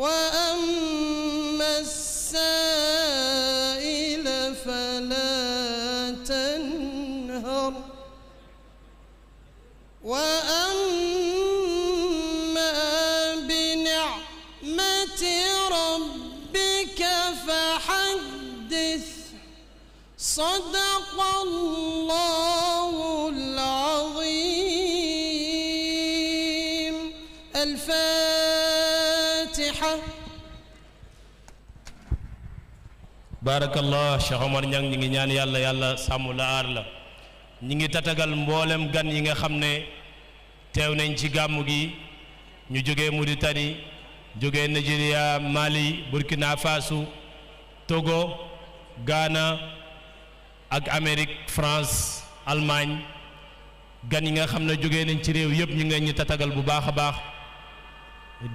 wa tabaarakallah Cheikh Omar Niang ñi ngi ñaan yàlla yàlla sàmm la aar la ñi ngi tatagal mboolem gan yi nga xam ne teew nañ ci gàmm gi ñu jógee Mauritanie jógee Nigeria Mali Burkina Faso Togo gaana ak Amérique France Allemagne gan yi nga xam ne jóge nañ ci réew yëpp ñu ngi ñu tatagal bu baax a baax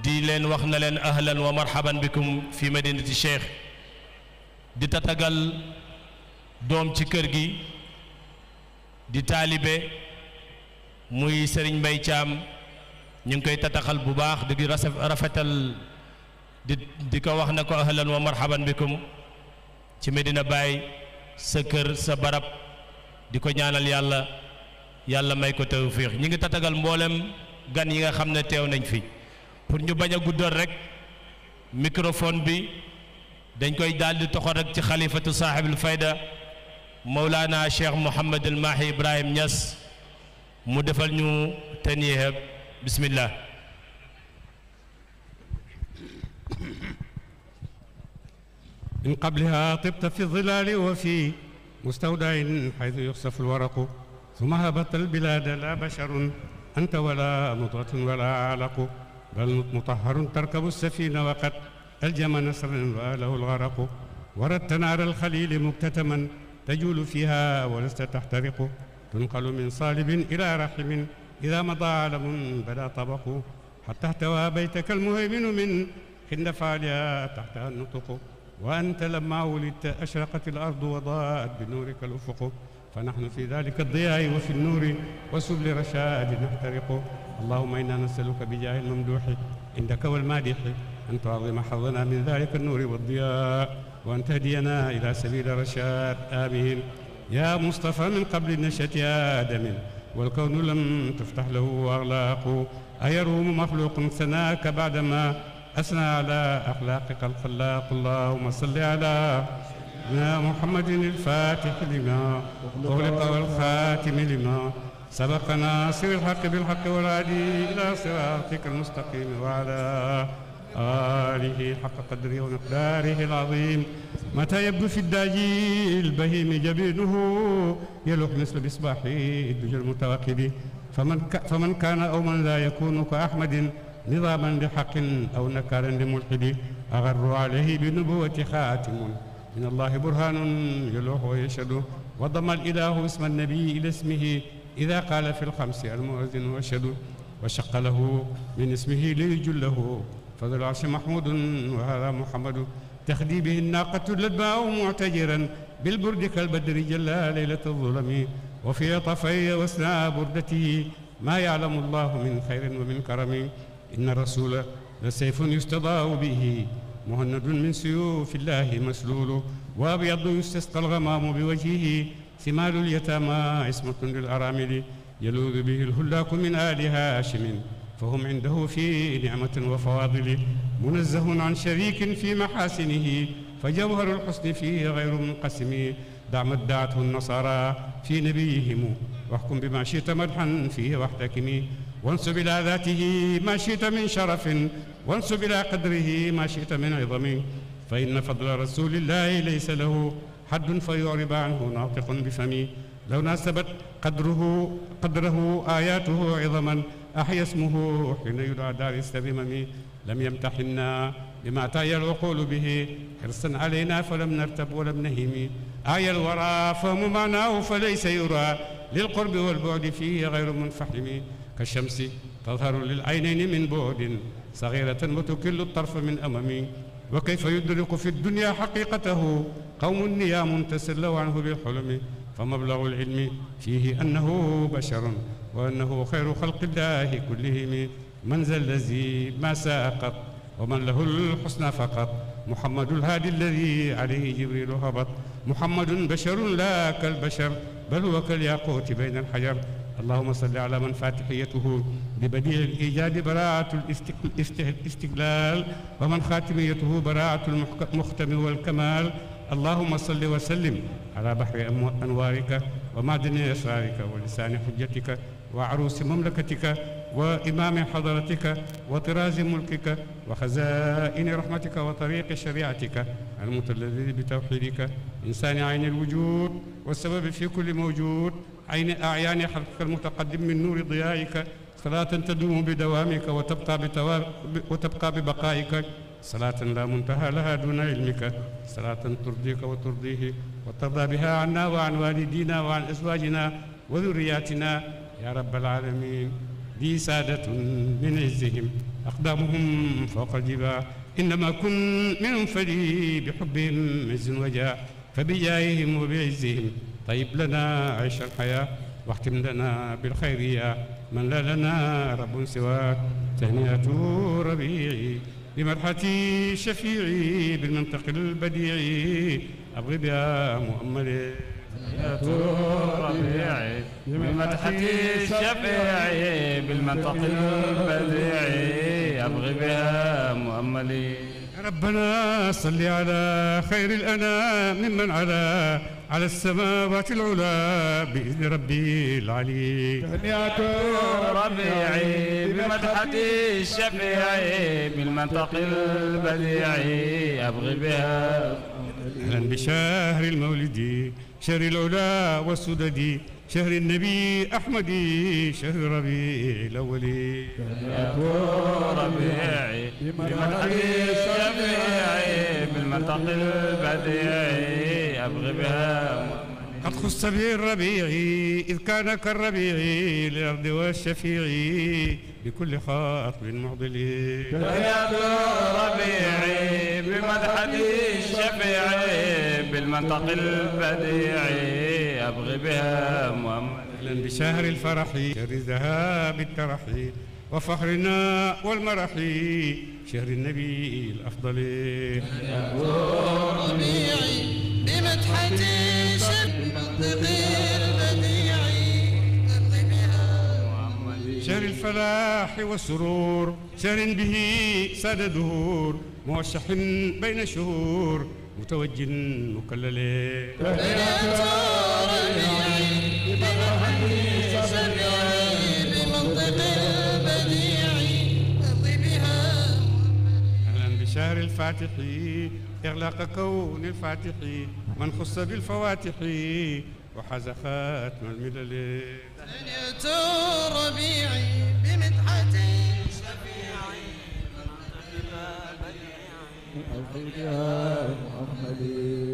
di leen wax na leen ahlan wa marhaban bikum fi madinati Cheikh di tatagal doom ci kër gi di taalibe muy sëriñ bay caam ñu ngi koy tataxal bu baax di rafetal di di ko wax na ko ahlan wa marhaban bikum ci Medina bàyyi sa kër sa barab di ko ñaanal yàlla yàlla may ko tawfiix ñu ngi tatagal mboolem gan yi nga xam ne teew nañ fi pour ñu bañ a guddal rek microphone bi dañ koy daal di toxal rek ci xalifatu saaxibul fayda Mawlana Cheikh Mouhamed El Mahi Ibrahim Niass mu defal ñu taniya bismillah من قبلها طبت في الظلال وفي مستودع حيث يخسف الورق ثم هبت البلاد لا بشر أنت ولا مضغة ولا علق بل مطهر تركب السفينة وقد تلجم نصرا وآله الغرق وردت نار الخليل مكتتما تجول فيها ولست تحترق تنقل من صالب إلى رحم إذا مضى علم بلا طبق حتى احتوى بيتك المهيمن من خند فعلها تحتها النطق وأنت لما ولدت أشرقت الأرض وضاءت بنورك الأفق فنحن في ذلك الضياء وفي النور وسبل رشاد نحترق اللهم إنا نسألك بجاه الممدوح عندك والمادح أن تعظم حظنا من ذلك النور والضياء وأن تهدينا إلى سبيل الرشاد آمين يا مصطفى من قبل نشأة آدم والكون لم تفتح له أغلاق أيروم مخلوق ثناك بعدما أثنى على أخلاقك الخلاق اللهم صل على سيدنا محمد الفاتح لما أغلق والخاتم لما سبق ناصر الحق بالحق والهادي إلى صراطك المستقيم وعلى آله حق قدره ومقداره العظيم متى يبدو في الداجي البهيم جبينه يلوح مثل مصباح الدجى المتوقد فمن فمن كان أو من لا يكون كأحمد نظاما بحق أو نكارا لملحد أغر عليه بنبوة خاتم من الله برهان يلوح ويشهد وضم الإله اسم النبي إلى اسمه إذا قال في الخمس المؤذن وشد وشق له من اسمه ليجله فذو العرش محمود وهذا محمد تخدي به الناقة الأدباء معتجرا بالبرد كالبدر جلى ليلة الظلم وفي طفي وسنى بردتي ما يعلم الله من خير ومن كرم إن الرسول لسيف يستضاء به مهند من سيوف الله مسلول وأبيض يستسقى الغمام بوجهه ثمال اليتامى عصمة للأرامل يلوذ به الهلاك من آل هاشم فهم عنده في نعمة وفواضل منزه عن شريك في محاسنه فجوهر الحسن فيه غير منقسم دع ما ادعته النصارى في نبيهم واحكم بما شئت مدحا فيه واحتكم وانسب إلى ذاته ما شئت من شرف وانسب إلى قدره ما شئت من عظم فإن فضل رسول الله ليس له حد فيعرب عنه ناطق بفمي لو ناسبت قدره قدره آياته عظما أحيا اسمه حين يدعى دار السبيمم لم يمتحنا بما تايا العقول به حرصا علينا فلم نرتب ولم نهم آية الورى فهم معناه فليس يرى للقرب والبعد فيه غير منفحم كالشمس تظهر للعينين من بعد صغيرة وتكل الطرف من أمم وكيف يدرك في الدنيا حقيقته قوم نيام تسلوا عنه بالحلم فمبلغ العلم فيه أنه بشر wa annahu xayru xalqillaahi kullihim man za allazi ma saa qat wa man lahu lxusna faqat muhammadul haadi alladi alayhi jibrilu habat muhammadun basharun laa kal bashar bal huwa kal yaquuti bayna alxajar allahuma salli ala man fatixiyatuhu li badii al ijaadi baraatu listiqlaal wa man xaatimiyatuhu baraatu lmuxtami walkamaal allahuma salli wa sallim ala baxri anwaarika wa madani asraarika wa lisaani xujjatika وعروس مملكتك وإمام حضرتك وطراز ملكك وخزائن رحمتك وطريق شريعتك المتلذذ بتوحيدك إنسان عين الوجود والسبب في كل موجود عين أعيان خلقك المتقدم من نور ضيائك صلاة تدوم بدوامك وتبقى, بتوا... وتبقى ببقائك صلاة لا منتهى لها دون علمك صلاة ترضيك وترضيه وترضى بها عنا وعن والدينا وعن أزواجنا وذرياتنا يا رب العالمين لي سادة من عزهم أقدامهم فوق الجباه إنما كن منهم فلي بحبهم عز وجاء فبجاههم وبعزهم طيب لنا عيش الحياة واختم لنا بالخير يا من لا لنا رب سواك تهنئة ربيعي بمرحتي شفيعي بالمنطق البديع أبغي بها مؤملي ربيعي بمدحتي شفيعي بالمنطق البديعي أبغي بها مؤملي ربنا صل على خير الأنام ممن على على السماوات العلا بإذن ربي العلي تهنئة ربيعي بمدحتي الشفيعي بالمنطق البديعي أبغي بها أهلا بشهر المولد شهر العلا والسدد شهر النبي أحمد شهر ربيع الأول ربيعي بمن أبي شفيعي بالمنطق البديعي أبغي بها أطخ السميع الربيع إذ كان كالربيع للأرض والشفيع بكل خاطب معضل يا ربيع بمدحة الشفيع بالمنطق البديع أبغي بها محمد بشهر الفرح شهر ذهاب الترح وفخرنا والمرح شهر النبي الأفضل يا ربيعي بمدحتي شب الضغير بديعي شهر الفلاح والسرور سار به ساد دهور موشح بين شهور متوج مكلل بمنطق البديع اهلا بشهر الفاتحين إغلاق كون الفاتح من خص بالفواتح وحاز خاتم الملل ثنيت ربيعي بمدحتي شفيعي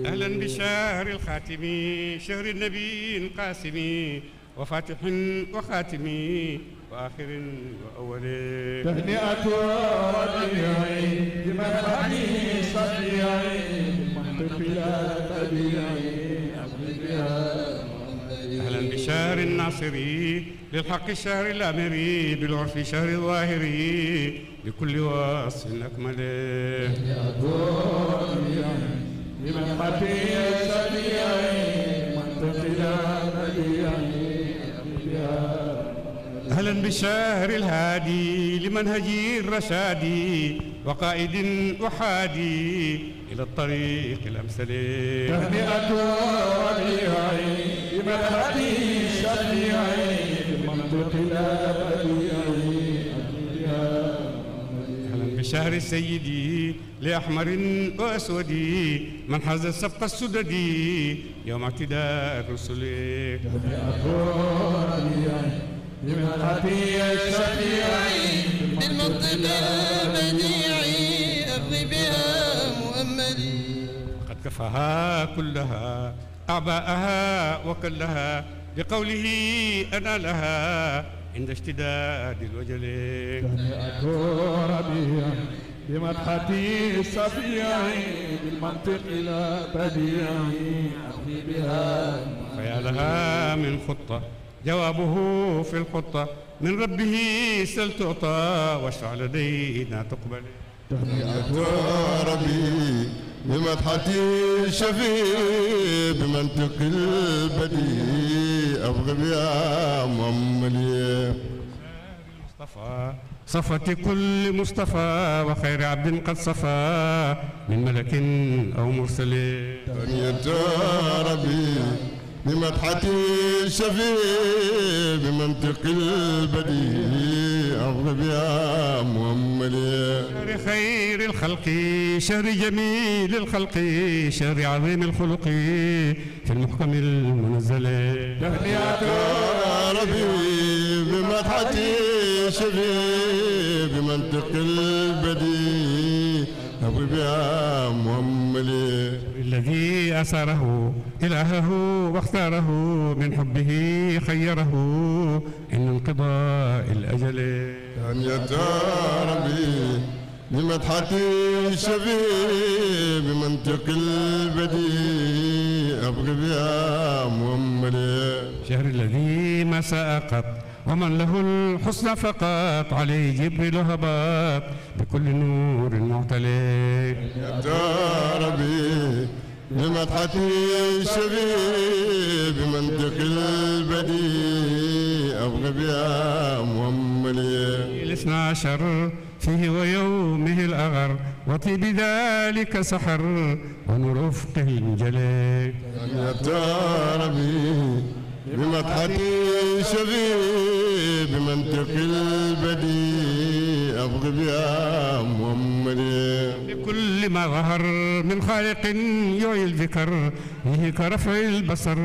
أهلا بشهر الخاتم شهر النبي القاسم وفاتح وخاتم وآخر وأول تهنئة وديعي بمدحني صديعي منطق لا تبيعي أهلا بشهر الناصري للحق شهر الأمري بالعرف شهر الظاهري بكل واصف أكمل تهنئة وديعي بمدحني صديعي منطق لا تبيعي أهلا بالشهر الهادي لمنهجي الرشادي وقائد أحادي إلى الطريق الأمثل تهنئة ربيعي بمدحتي شفيعي بالمنطق الأبدي أهلا بشهر سيدي لأحمر وأسودي من حاز السبق السددي يوم اعتداء الرسل تهنئة ربيعي لمن عطي شفيعي بالمطلب منيعي أبغي بها مؤملي قد كفاها كلها أعباءها وكلها بقوله أنا لها عند اشتداد الوجل جميعك ربيع بمدحتي صبيعي بالمنطق إلى بديعي أخذي بها فيا لها من خطة jawaabuhu fi lxutta min rabbihi sal tuta washfa ladayna tuqbal rabbi bimadhati shafi bimantiqi lbadi abghab ya muhammadi mustafa safati kulli mustafa wa xayri abdin qad safa min malakin aw mursalin rabbi بمدحتي شفيع بمنطق البديع أغلب يا محمد شر خير الخلق شر جميل الخلق شر عظيم الخلق في المحكم المنزل تهنئة ربي بمدحتي شفيع بمنطق البديع أغلب يا محمد الذي أسره إلهه واختاره من حبه خيره إن انقضاء الأجل كان يا ربي بمدحتي الشفي بمنطق البديع أبقى بها محمد شهر الذي ما ساء قط ومن له الحسن فقط عليه جبريل هبط بكل نور معتلي يا ربي بمدحته شبي بمنطق البديع أبغى بها مؤملي الاثنى عشر فيه ويومه الأغر وطيب ذلك سحر ونور أفقه انجلي يا ربي بمدحتي شغي بمنطق البديع أبغي بها محمد بكل ما ظهر من خالق يعي الذكر به كرفع البصر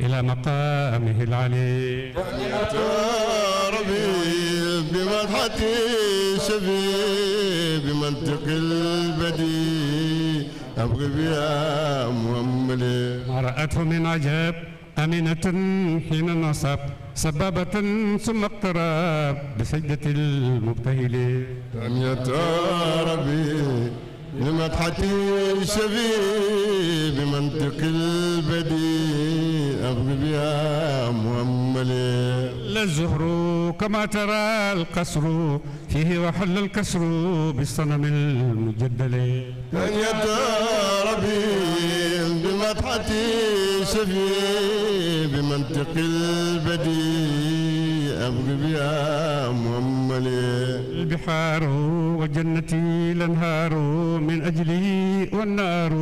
إلى مقامه العلي ربي بمدحتي شبي بمنطق البديع أبغي بها محمد ما رأته من عجب أمينة حين نصب سبابة ثم اقترب بسجدة المبتهل تأمية ربي لمدحة الشفي بمنطق البديع أبغي بها مؤملي لا الزهر كما ترى القصر فيه وحل الكسر بالصنم المجدل تأمية ربي فتحتي شفي بمنطق البديع أبغي بها محمد البحار وجنتي الأنهار من أجلي والنار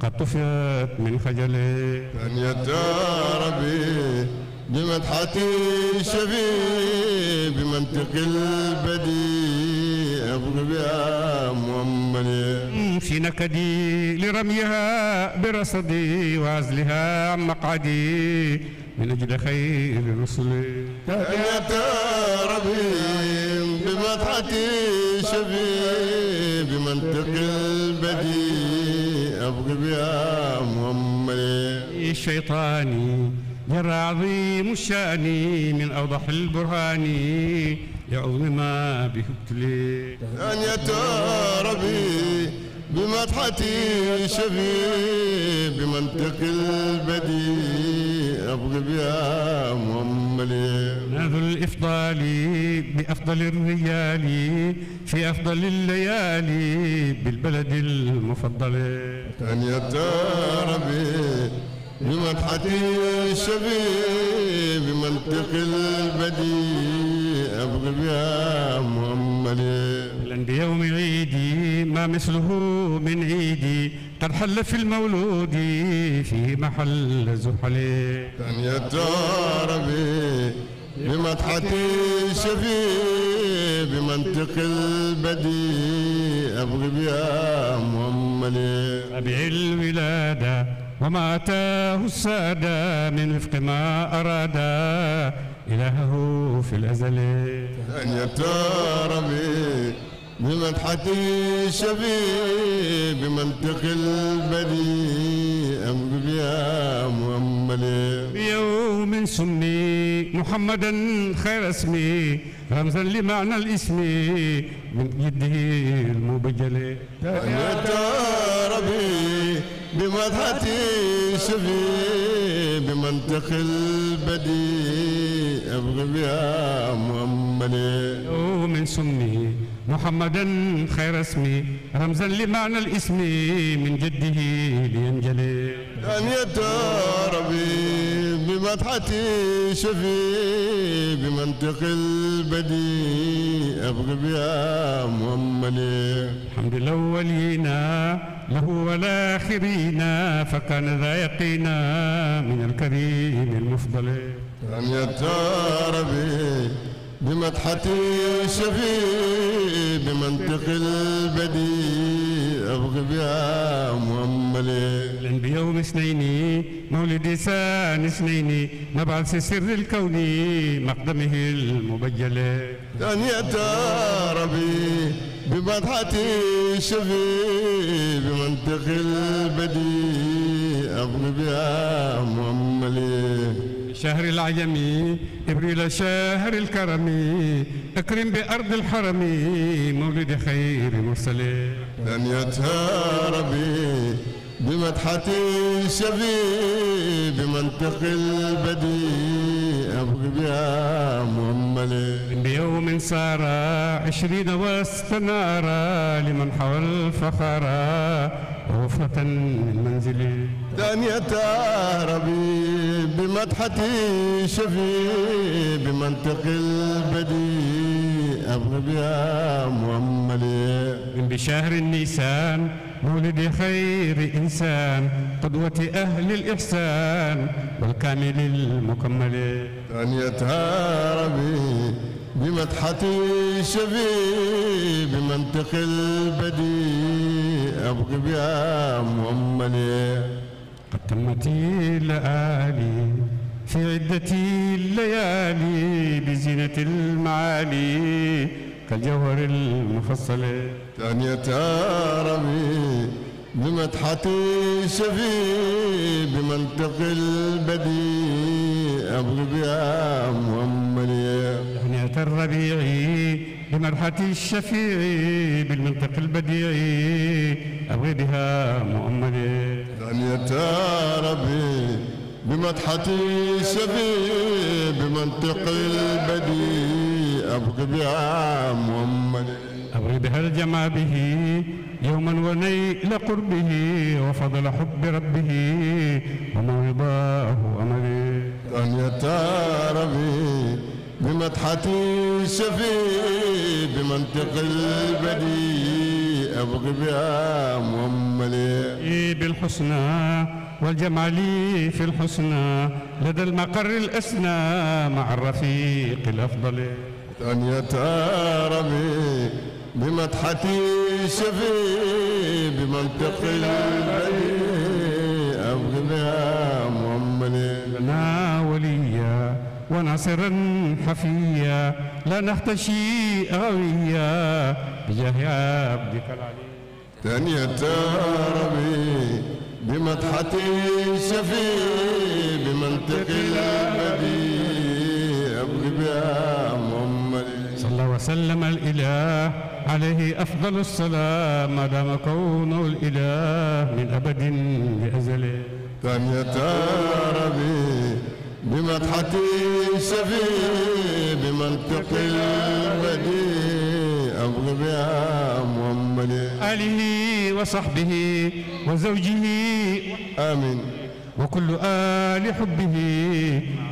قد طفئت من خجلي أن يا ربي بمدحة الشفيع بمنطق البديع اغلب يا محمد في نكدي لرميها برصدي وعزلها عن مقعدي من أجل خير الرسل تهنئة ربي بمدحة الشفيع بمنطق البديع ابغي يا محمد شيطاني جرى عظيم الشأن من أوضح البرهان لعظم ما به ابتلي أن ربي بمدحتي شفي بمنطق البديع أبغي بها مؤملي ناذ الإفضال بأفضل الرجال في أفضل الليالي بالبلد المفضل أن ربي لمدحتي الشبيب بمنطق البديع أبغي يا محمد بيوم عيدي ما مثله من عيدي قد حل في المولود في محل زحلي ثانية ربي بمدحتي شفي بمنطق البديع أبغي يا محمد أبيع الولادة وما أتاه السادة من وفق ما أراد إلهه في الأزل أن يتاربي بمدحة الشفيع بمنطق البديع أم بها مؤمل بيوم سمي محمدا خير اسمي رمزا لمعنى الاسم من يده المبجل يا ربي بمدحتي شفي بمنطق البديع ابغي بها محمد من سمه محمدا خير اسمي رمزا لمعنى الاسم من جده لينجلي أن يدار بي بمدحتي شفي بمنطق البديع أبغي بها محمد الحمد الأولينا له والآخرين فكان ذا يقينا من الكريم المفضل أن يدار بي بمدحتي شفي بمنطق البديع أبغي بها مؤملي لن بيوم اثنين مولد سان اثنين نبعث سر الكون مقدمه المبجل أن يأتى ربي بمدحتي شفي بمنطق البديع أبغي بها مؤملي شهر العجم إبريل شهر الكرم أكرم بأرض الحرم مولد خير مرسلين دنيتها ربي بمدحة شفي بمنطق البديع أبغي بها مؤملة بيوم صار عشرين واستنار لمن حوى الفخر غرفة من منزلي دانية ربي بمدحتي شفي بمنطق البديع أبغى بها مؤملي من بشهر النيسان مولد خير إنسان قدوة أهل الإحسان والكامل المكمل دانية ربي بمدحتي شفي بمنطق البديع أبغى بها مؤملي تمتي لآلي في عدة الليالي بزينة المعالي كالجوهر المفصل ثانية ربي بمدحتي شفي بمنطق البديع أبغي بها مؤملي ثانية الربيع بمدحة الشفيع بالمنطق البديع أبغي بها محمد ثانية ربي بمدحة الشفيع بمنطق البديع أبغي بها محمد أبغي بها الجمع به يوما ونيل قربه وفضل حب ربه ومن رضاه أملي ثانية ربي مدحتي شفي بمنطق البديع أبغي بها مؤملي بالحسنى والجمال في الحسنى لدى المقر الأسنى مع الرفيق الأفضل أن يتارمي بمدحتي شفي بمنطق البديع أبغي بها مؤملي لنا ولي ونصرا حفيا لا نختشي غويا بجاه عبدك العلي ثانية ربي بمدحتي شفي بمنطق الأبدي أبغي بها محمد صلى الله وسلم الإله عليه أفضل الصلاة ما دام كونه الإله من أبد بأزله ثانية ربي بمدحتي سفي بمنطق البدي أبغض يا محمد آله وصحبه وزوجه آمين وكل آل حبه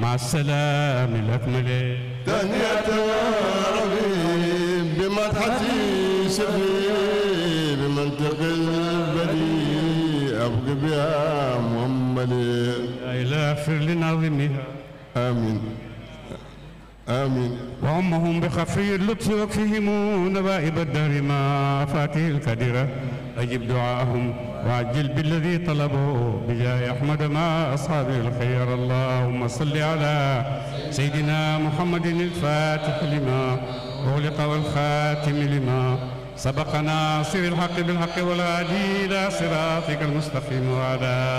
مع السلام الأكمل تهنئة ربي بمدحتي سفي بمنطق البدي أبغض يا محمد إلا اغفر لناظمها آمين آمين وعمهم بخفي اللطف وكفهم نبائب الدهر ما فاته الكدرة أجب دعاءهم وعجل بالذي طلبه بجاه أحمد ما أصحاب الخير اللهم صل على سيدنا محمد الفاتح لما أغلق والخاتم لما سبق ناصر الحق بالحق والهادي إلى صراطك المستقيم وعلى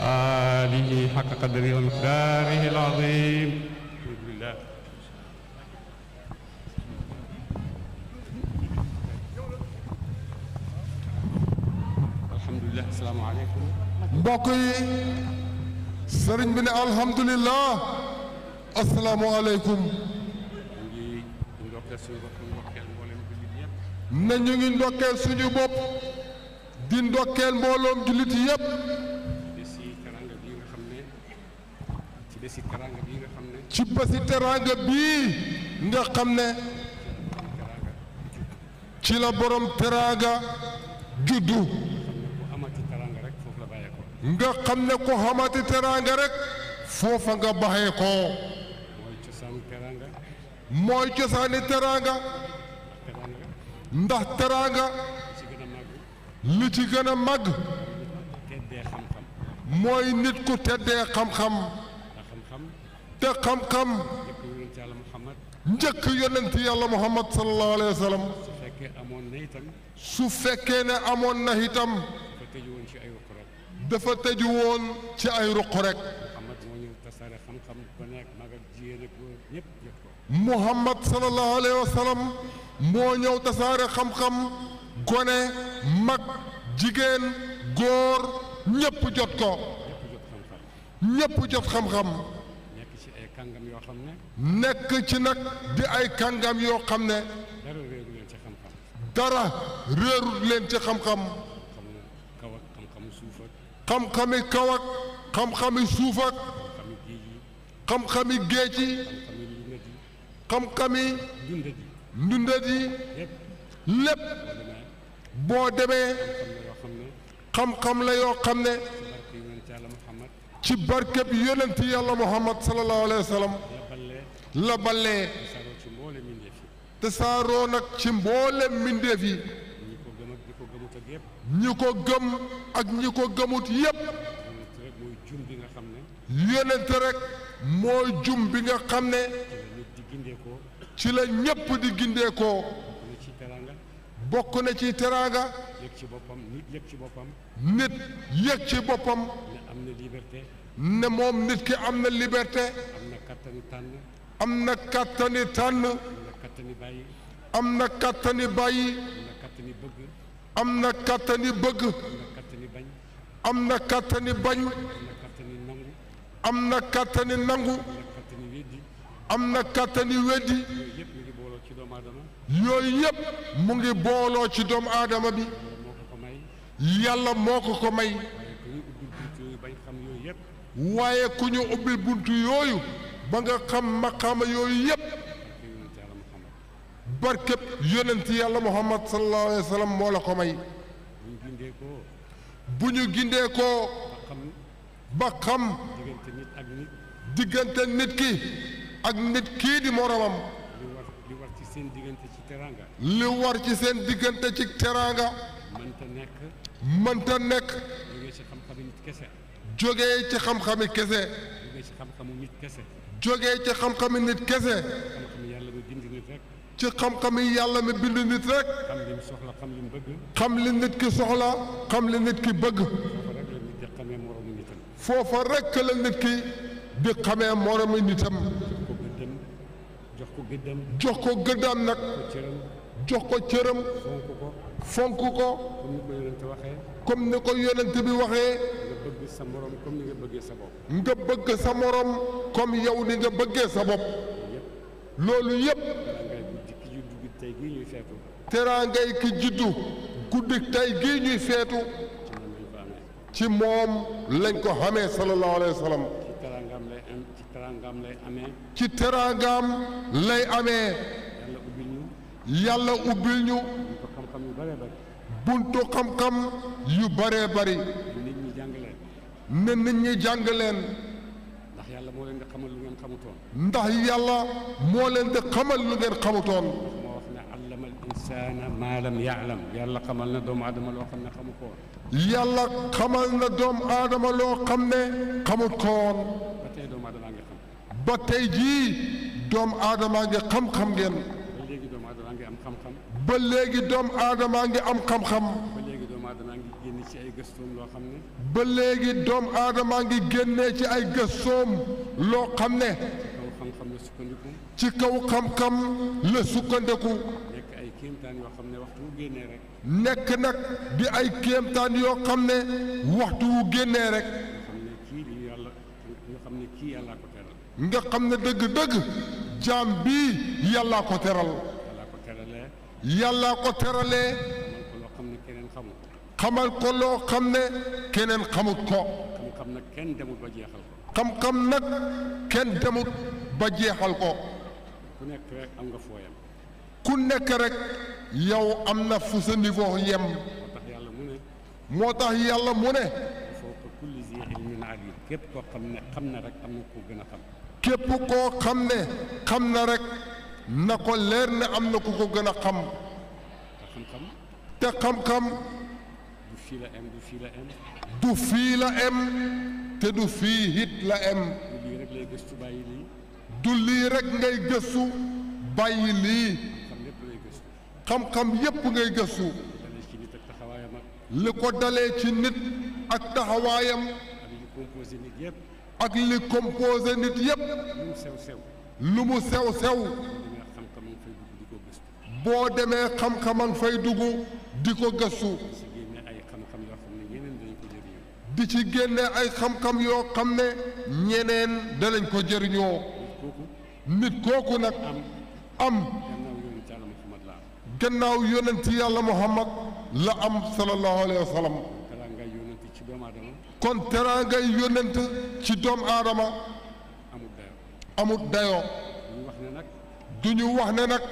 آله حق قدره ومقداره العظيم لله الحمد لله السلام عليكم بقي سرين بن الحمد لله السلام عليكم nañu ngi ndokkeel suñu bopp di ndokkeel mbooloom jullit yépp bési teraanga bii nga xam ne. ci bési teraanga bii nga xam ne. ci la borom teraanga juddu. nga xam ne ku xamati teraanga rek foofa nga baxee ko mooy cosaani teraanga mooy cosaani teraanga ndax teraanga li ci gën a màgg mooy nit ku teddee xam-xam te xam-xam njëkk yonent yàlla muhammad sallallahu alayhi wa sallam su fekkee ne amoon na itam dafa tëju woon ci ay ruq rek muhammad sallallahu alayhi wa sallam moo ñëw tasaare xam-xam gone mag jigéen góor ñépp jot ko ñépp jot xam-xam kàngam yoo xam ne. nekk ci nag di ay kàngam yoo xam ne. dara réeru leen ci xam-xam. dara réeru ci xam-xam. xam-xami kaw ak xam-xami suuf xam-xami géej yi. xam-xami. ndundat yi. lépp. boo demee. xam-xam la yoo xam ne. ci barkeb yonent yàlla muhammad sallallahu alayhi wa sallam la ballee te nag ci mboolem mbindeef yi ñi ko gëm ak ñi ko gëmut yépp yonent rek mooy jum bi nga xam ne ci la ñépp di gindeekoo bokk na ci teraanga nit yëg ci boppam ne am na liberté ne moom nit ki am na liberté. am na kattani tànn. am na kattani tànn. na kattani bàyyi. am na kattani bàyyi. am na kattani bëgg. am na kattani bañ. am na kattani nangu. am na kattani weddi. yooyu yëpp mu ngi booloo ci doomu aadama bi. yàlla moo ko ko may. waaye ku ñu ubbil bunt yooyu ba nga xam maqaama yooyu yépp barkeb yonent yàlla muhammad sallallahu alayhi wa moo la ko may bu ñu gindee koo ba xam diggante nit ki ak nit kii di moromam li war ci seen diggante ci teraanga li war ci seen diggante ci teraanga mënta nekk nekk jóge ci xam jógee ci xam-xami kese. jógee ci xam-xamu nit kese. jógee ci xam-xami nit kese. ci xam-xam yi yàlla mi bind nit rek. xam li soxla xam li bëgg. xam li nit ki soxla xam li nit ki bëgg. foofa rek la nit ki di xamee moromu nitam. jox ko gëddam jox ko gëddam nag. jox ko cëram. fonk ko. ko. comme ni ko yonent bi waxee. sa morom comme ni nga bëggee sa bopp. nga bëgg sa morom comme yow ni nga bëggee sa bopp. loolu yëpp. teraangay ki juddu guddik tey gii ñuy feetu. ci moom lañ ko xamee sallallahu alayhi ci teraangaam lay amee. ci teraangaam lay amee. yàlla ubbil ñu. yàlla ubbil ñu. buntu xam-xam yu bëree bëri. ne nit ñi jàng leen. ndax yàlla moo leen di xamal lu ngeen xamutoon. ndax yàlla moo leen di xamal lu ngeen xamutoon. moo wax yàlla xamal na doomu aadama loo xam ne xamu ko woon. yàlla xamal na doomu aadama loo xam ne xamut ko woon. ba tey doomu aadamaa ngi xam. ba doomu aadamaa ngi xam-xam ba léegi doom aadamaa ngi am xam-xam. ba léegi doomu aadamaa am xam-xam. ci ay gëstoom loo xam ne. ba léegi doomu aadamaa ngi génnee ci ay gëstoom loo xam ne. ci kaw xam-xam la sukkandiku. nekk ay kéemtaan yoo xam ne waxtu wu génnee rek. nag di ay kéemtaan yoo xam ne waxtu wu rek. nga xam ne kii yàllaa nga xam ne dëgg-dëgg jaam bii yàllaa ko teral. yàllaa ko teralee. yàllaa ko teralee. xamal ko loo xam ne keneen xamut ko. xam-xam nag kenn demut ba jeexal ko. xam-xam nag kenn demut ba jeexal ko. ku nekk rek am nga foo ku nekk rek yow am na fu sa niveau yem. moo tax yàlla mu ne. moo ne. foofa kulli zi képp koo xam ne xam na rek am na ku gën a xam. képp koo xam ne xam na rek na ko leer ne am na ku ko gën a xam te xam-xam. fii la em du fii la em. te du fii it la em. du lii rek ngay gëstu bàyyi lii. rek ngay gëstu bàyyi lii. xam-xam yépp ngay gëstu. li ko dalee ci nit ak taxawaayam. dalee ci nit ak taxawaayam. ak li composé nit yépp. lu mu sew sew. boo demee xam-xamam fay dugg di ko gëstu. di ci génne ay xam-xam yoo xam ne ñeneen danañ ko jëriñoo nit kooku nag am gannaaw yonent yàlla muhammad la am sallallahu alayhi wa sallam kon teraangay yonent ci doomu aadama amut dayoo du ñu wax ne nag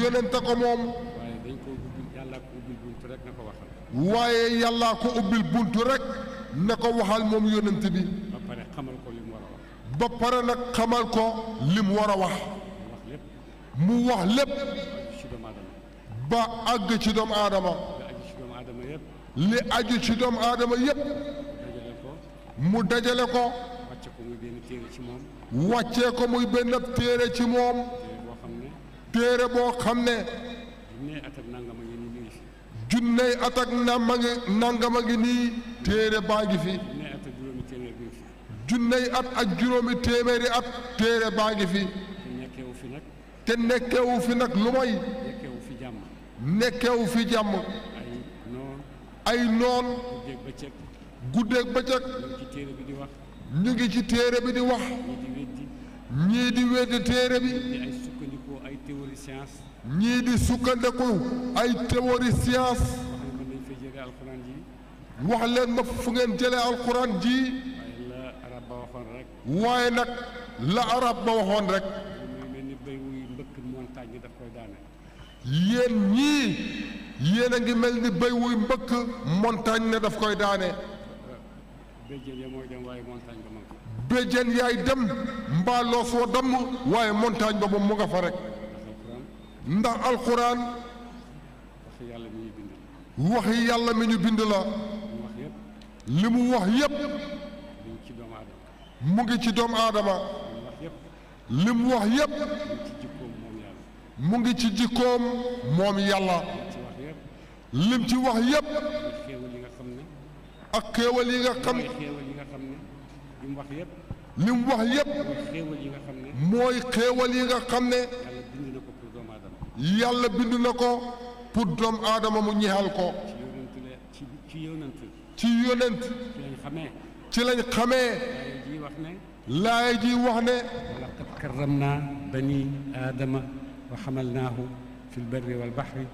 yonente ko moom waaye yàllaa ko ubbil buntu rek ne ko waxal moom yónnent bi ba pare xamal ko li mu war a nag xamal ko li mu war a wax mu wax lépp ba àgg ci doomu aadama li aju ci doomu aadama yépp mu dajale ko wàccee ko muy benn téere ci moom téere boo xam ne junney at ak nàmma ngi nangama ngi nii téere baa ngi fi junney at ak juróomi téeméeri at téere baa ngi fi te nekkewu fi nag lu may nekkewu fi jàmm ay noon guddeeg bëccëg ñu ngi ci téere bi di wax ñii di wedd téere bi di ñii di sukkandiku ay théorie science. wax leen ma fu ngeen jëlee alquran ji. waaye nag la arab ba waxoon rek. yéen ñii yéen a ngi mel ni béy wuy mbëkk montagne ne daf koy daane. béjjén yaay dem mbaa loos wa damm waaye montagne ba moom mu nga fa rek. ndax alxuraan wax yàlla mi ñu bind la wax yàlla mi ñu bind la li mu wax yépp mu ngi ci doomu aadama li mu wax yépp mu ngi ci jikkoom moom yàlla lim ci wax yépp ak xéewal yi nga xam ne li mu wax yépp mooy xéewal yi nga xam ne yàlla bind na ko pour doomu aadama mu ñeexal ko. ci yonent ci yonent ci lañ xamee. ci lañ xamee. laay ji wax ne. laay ji wax ne. walaqad karramnaa banii aadama wa xamalnaahum fi lbarri walbaxri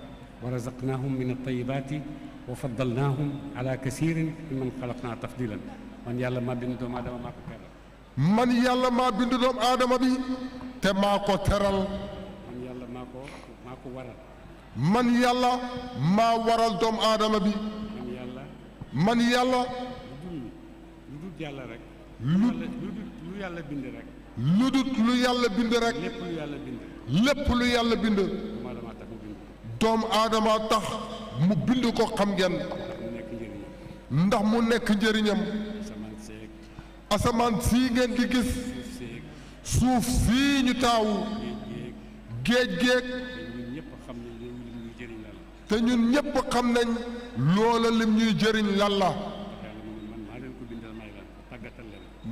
wa razaqnaahum min altayibaati wa faddalnaahum ala kasiirin mimman xalaqnaa tafdiilan man yàlla maa bind doomu aadama maa ko teral. man yàlla maa bind doomu aadama bi te maa ko teral. ko waral. man yàlla maa waral doomu aadama bi. man yàlla. man yàlla. lu yàlla bind rek. lu dul yàlla bind rek. lépp lu yàlla bind. lépp lu yàlla bind. doomu aadama tax mu bind ko xam ngeen. ndax mu nekk njëriñam. asamaan sii ngeen di gis. suuf sii ñu taawu. géej géej. te ñun ñëpp xam nañ loola lim ñuy jëriñ lan la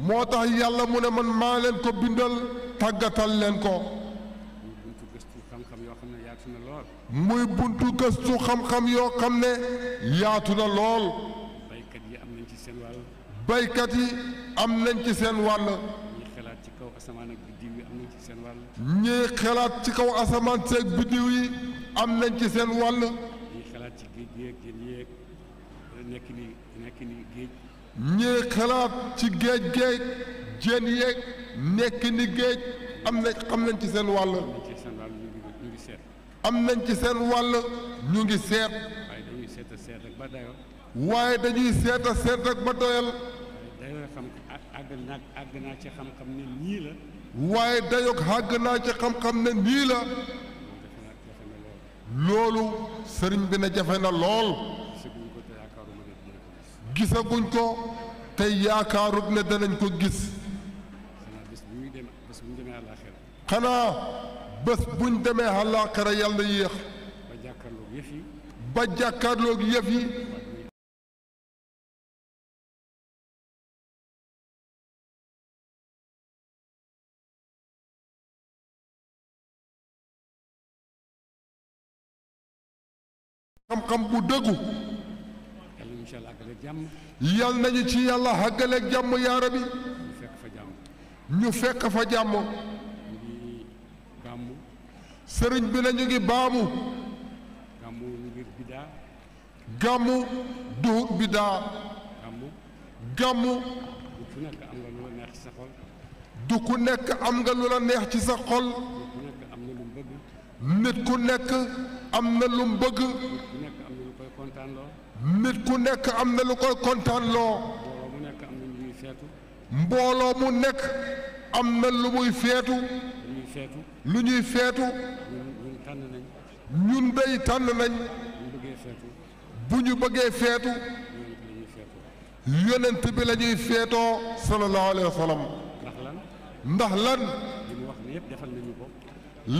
moo tax yàlla mu ne man maa leen ko bindal tàggatal leen ko muy buntu gëstu xam-xam yoo xam ne yaatu na lool baykat yi am nañ ci seen wàll ci ñii xalaat ci kaw asamaan seeg biddiw yi am nañ ci seen wàll nekk ni nekk ni géej ñii xalaat ci géej géej jën yeeg nekk ni géej am na xam nañ ci seen wàll am nañ ci seen wàll ñu ngi seet waaye dañuy seet seet rek ba doyal waaye dañuy seet a àgg naa ci xam-xam ne nii la waaye naa ci xam ne nii la loolu sëriñ bi ne jafe na lool gisaguñ ko tey yaakaarut ne danañ ko gis xanaa bés buñ demee àllaaxira yàlla yéex ba jàkkaarloog yëf yi xam-xam bu dëggu yal nañu ci yàlla xàggaleeg jàmm yaa rabbi ñu fekk fa jàmm sëriñ bi na nañu ngi baamu gàmmu duhut bidaa gàmmu du ku nekk am nga lu la neex ci sa xol nit ku nekk am na lu mu bëgg nit ku nekk am na lu koy kontaanloo nit ku nekk am na lu koy kontaan loo mbooloo mu nekk am na lu muy feetu lu ñuy feetu ñun day tànn nañ bu ñu bëggee feetu yonent bi la ñuy feetoo sallallahu alayhi wa ndax lan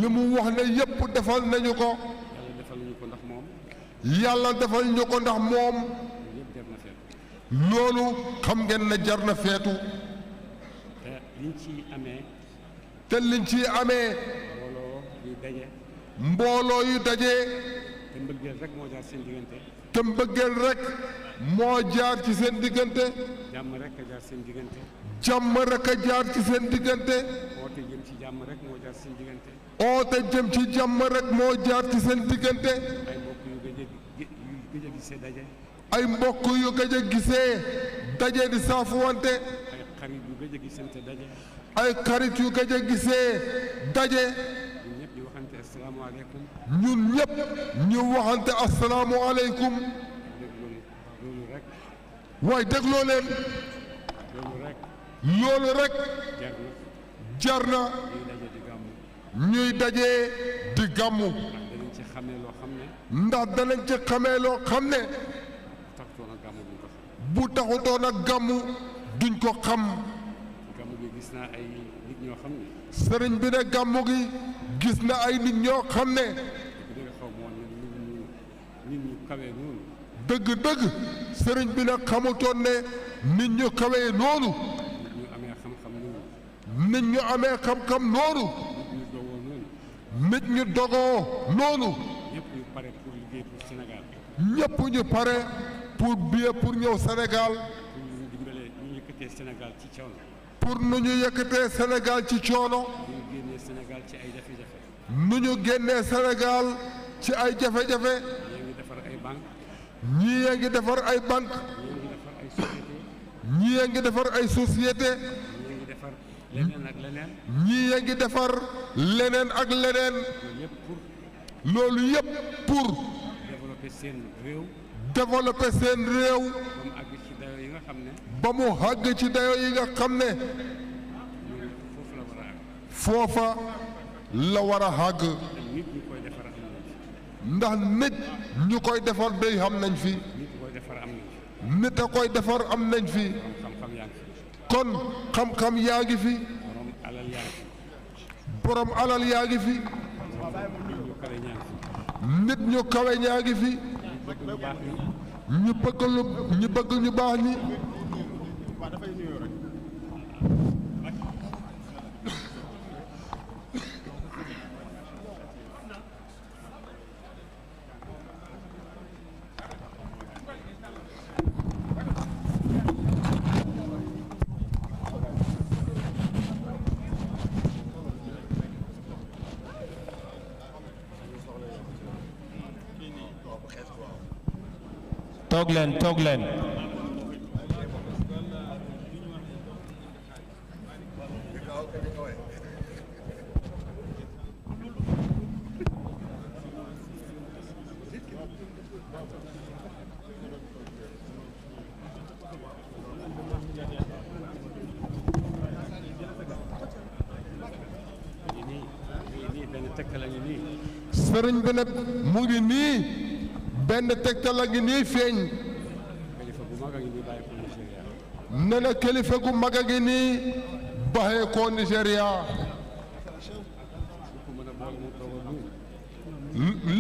li mu wax ne yépp defal nañu ko yàlla defal ñu ko ndax moom loolu xam ngeen na jar na feetu te liñ ci amee te liñ ci amee mbooloo yu dajee te mbëggeel rek moo jaar seen diggante te mbëggeel moo jaar ci seen diggante jàmm rek a jaar seen diggante jàmm a jaar ci seen diggante oote jëm ci jàmm rek moo jaar ci seen oote jëm ci jàmm rek moo jaar ci seen diggante gisee daje. ay mbokk yu gëj a gisee daje di saafuwante. ay xarit yu gëj a gisante daje. ay daje. ñun ñëpp ñu waxante asalaamaaleykum. ñun ñëpp ñu waxante asalaamaaleykum. loolu rek. waaye dégloo leen. loolu rek. jar na. ñuy daje di gàmmu. ndax danañ ci xamee loo xam ne bu taxutoon ak gàmmu duñ ko xam sëriñ bi ne gàmmu gi gis na ay nit ñoo xam ne dëgg-dëgg sëriñ bi ne xamutoon ne nit ñu kawee noonu nit ñu amee xam-xam noonu nit ñu dogoo noonu ñëpp ñu pare pour billet pour ñëw Sénégal. pour nu ñu yëkkatee senegal ci coono. nu ñu génnee Sénégal ci ay jafe-jafe. ñu génnee Sénégal ci ay jafe-jafe. ñii ngi defar ay banque yaa ngi defar ay banque ñii yaa ngi defar ay société ñii yaa ngi defar leneen ak leneen. ñii yaa ngi defar leneen ak leneen. loolu yëpp pour. développer seen réew. développer réew. ba mu àgg ci dayo yi nga xam ne. ba àgg ci dayo yi nga xam ne. foofa la war a àgg. ndax nit ñu koy defar day xam nañ fi. nit a koy defar am nañ fi. kon xam-xam yaa ngi fi. borom alal yaa ngi fi. nit ñu kawe ñaa ngi fi ñu bëgg lu ñu bëgg ñu baax ñi toog leen toog leen mu ngi benn tegtal a ngi nii feeñ nee na kilifa gu mag a ngi nii baxee koo Nigéria